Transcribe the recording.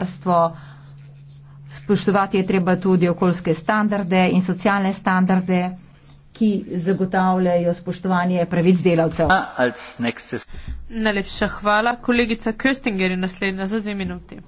gospodarstvo, spoštovati je treba tudi okoljske standarde in socialne standarde, ki zagotavljajo spoštovanje pravic delavcev. Najlepša hvala, kolegica Köstinger je naslednja za dve minuti.